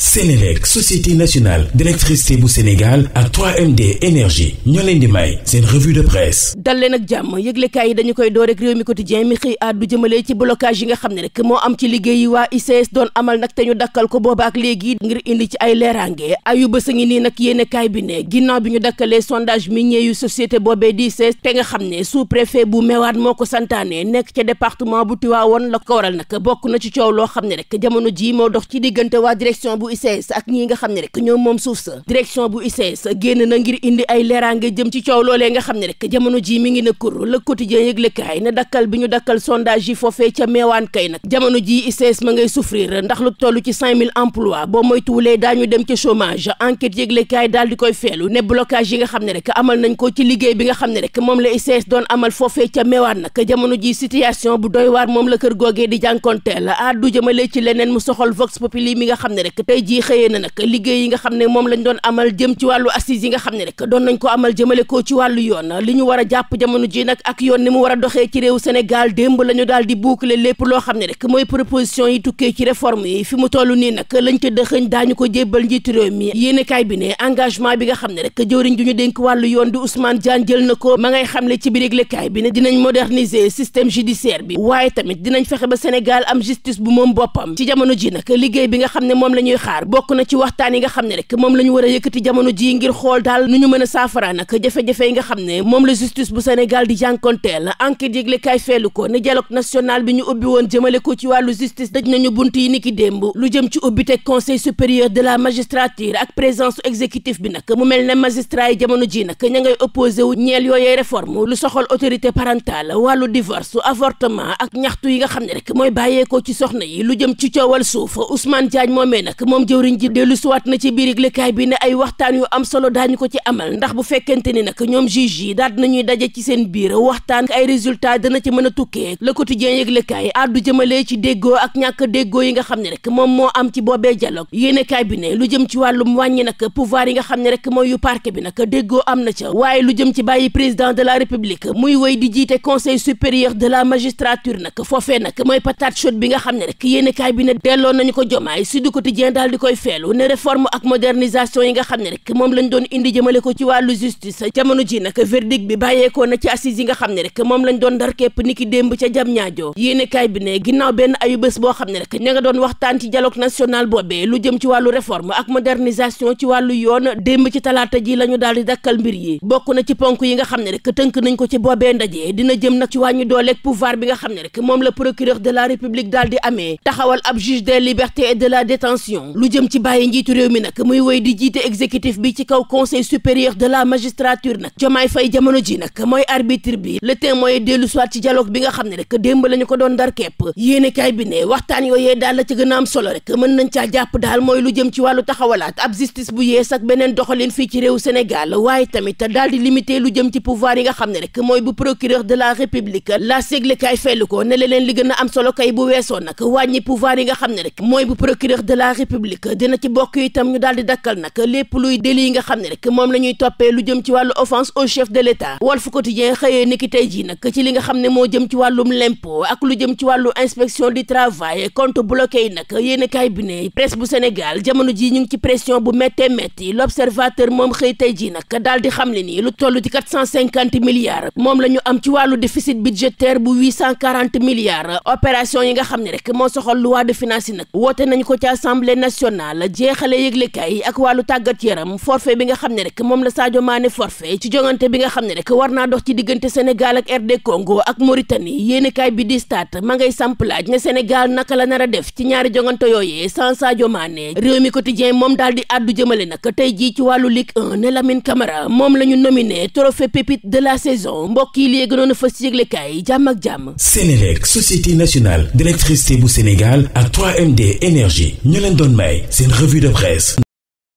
Sénélec société nationale d'électricité bu Sénégal ak 3MD énergie ñoo leen di may seen revue de presse dal leen ak jàmm yëglekaay yi dañu koy door rek réew mi quotidien mi xëy àddu jëmale ci blocage yi nga xam ne rek moo am ci liggéey yi waa ICS doon amal nag te ñu dakkal ko boobaak léegi ngir indi ci ay leeraange ayu bés nii nag yéenekaay bi ne ginnaaw bi ñu dakkalee sondage mi yu société boobee di ICS te nga xam ne sous-préfet bu Mewaat moo ko santaane nekk ca département bu Tivaouane la ko waral bokk na ci coow loo xam bu ICS ak ñi nga xam ne rek ñoom moom suuf sa direction bu ICS génn na ngir indi ay leeraange jëm ci coow loolee nga xam ne rek jamono ji mi di koy yi nga xam ne rek amal nañ ko bi nga xam ne rek moom la ICS doon bu doy waar moom la kër googee di jànkonteel addu jëmale ci leneen mu soxal vox populi mi nga xam ne rek tey tey jii xëyee na nag liggéey yi nga xam ne moom lañ doon amal jëm ci wàllu assises yi nga xam ne rek doon nañ ko amal jëmale ko ci wàllu yoon li ñu war a jàpp jamono ji nag ak yoon ni mu war a doxee ci réew Sénégal loo xam ne rek yi tukkee ci réforme yi fi mu toll nii ko dëxëñ bi bi nga xam ne rek jëwriñ ju ñu ko ma ngay xamle bi ne dinañ moderniser système judiciaire bi waaye tamit dinañ fexe ba Sénégal am justice bu moom boppam ci jamono ji nag liggéey bi nga xam ne moom la xaar bokk na ci waxtaan yi nga xam ne rek moom la ñu war a yëkkati jamono ji ngir xool daal nu ñu mën a saafara nag jafe-jafe yi nga xam ne moom la justice bu Sénégal di jànkonteel enquête yëglekaay feelu ko ne dialogue national bi ñu ubbi woon jëmale ko ci wàllu justice daj nañu bunt yi niki démb lu jëm ci ubbite conseil supérieur de la magistrature ak présence exécutif bi nag mu mel ne magistrat yi jamono ji nag ña ngay opposé wu ñeel yooyee réforme lu soxal autorité parentale wàllu divorce avortement ak ñaxtu yi nga xam ne rek mooy bàyyeekoo ci soxna yi lu jëm ci coowal suuf Ousmane Diagne moomee nag moom jëwriñ ji dellu siwaat na ci biir yëglekaay bi ne ay waxtaan yu am solo daañu ko ci amal ndax bu fekkente ni nag ñoom juge yi daal nañuy daje ci seen biir waxtaan ay résultat dana ci mën a tukkee le quotidien yëglekaay addu jëmale ci déggoo ak ñàkk déggoo yi nga xam ne rek moom moo am ci boobee dialogue yéenekaay bi ne lu jëm ci wàllum wàññi nag pouvoir yi nga xam ne rek mooy yu parquet bi nag déggoo am na ca waaye lu jëm ci bàyyi président de la république muy woy di jiite conseil supérieur de la magistrature nag foofee nag mooy patate chaude bi nga xam ne rek yéenekaay bi ne delloo nañu ko jomaay Sud Quotidien daal di koy feelu ne réforme ak modernisation yi nga xam ne rek moom lañ doon indi jëmale ko ci wàllu justice jamono ji nag verdict bi bàyyeekoo na ci assises yi nga xam ne rek moom lañ doon ndar képp ki démb ca jam ñaajoo yéene bi ne ginnaaw benn ayu bés boo xam ne rek ña doon waxtaan ci dialogue national boobee lu jëm ci wàllu réforme ak modernisation ci wàllu yoon démb ci talaata ji la ñu daal di dakkal mbir yi bokk na ci ponk yi nga xam ne rek tënk nañ ko ci boobee ndaje dina jëm nag ci wàññi dooleeg pouvoir bi nga xam ne rek moom la procureur de la république daal di amee taxawal ab juge des libertés et la détention lu jëm ci bàyyi njiitu réew mi nag muy woy di jiite exécutif bi ci kaw conseil supérieur de la magistrature nag jomaay fay jamono ji nag mooy arbitre bi le temps mooy dellu soit ci dialogue bi nga xam ne rek démb la ñu ko doon dar kepp yéenekaay bi ne waxtaan yooyee daal la ci gën a am solo rek mën nañ caa jàpp daal mooy lu jëm ci wàllu taxawalaat ab justice bu yees ak beneen doxalin fii ci réew Sénégal waaye tamit daal di limité lu jëm ci pouvoir yi nga xam ne rek mooy bu procureur de la république la séglekaay fellu ko ne leen li gën a am solo kay bu weesoo nag wàññi pouvoir yi nga xam ne rek mooy bu publique dina ci bokk itam ñu daal dakkal nag lépp luy délit yi nga xam ne rek moom la toppee lu jëm ci wàllu offense au chef de l'État Walf Quotidien xëyee niki tey jii nag ci li nga xam ne moo jëm ci wàllum l'impôt ak lu jëm ci wàllu inspection du travail compte bloqué yi nag yéen kaay bi ne presse bu Sénégal jamono ji ñu ngi ci pression bu méttee métti l'observateur moom xëy tey jii nag daal xam le nii lu toll ci milliards moom la am ci wàllu déficit national jeexale yëglekaay yi ak wàllu tàggat yaram forfait bi nga xam ne rek moom la Sadio Mané forfait ci jongante bi nga xam ne rek war naa dox ci diggante Sénégal ak RD Congo ak Mauritanie yéenekaay bi di stade ma ngay samplaaj ne Sénégal naka la nar a def ci ñaari jongante yooyee sans Sadio Mané réew mi quotidien moom daal di àddu jëmale nag tey jii ci wàllu Ligue 1 ne Lamine Camara moom la ñu nominé trophée pépite de la saison mbokk yi léegi noonu fas ci yëglekaay jàmm ak jàmm. Sénélec société nationale d'électricité bu Sénégal ak 3MD énergie may seen revue de presse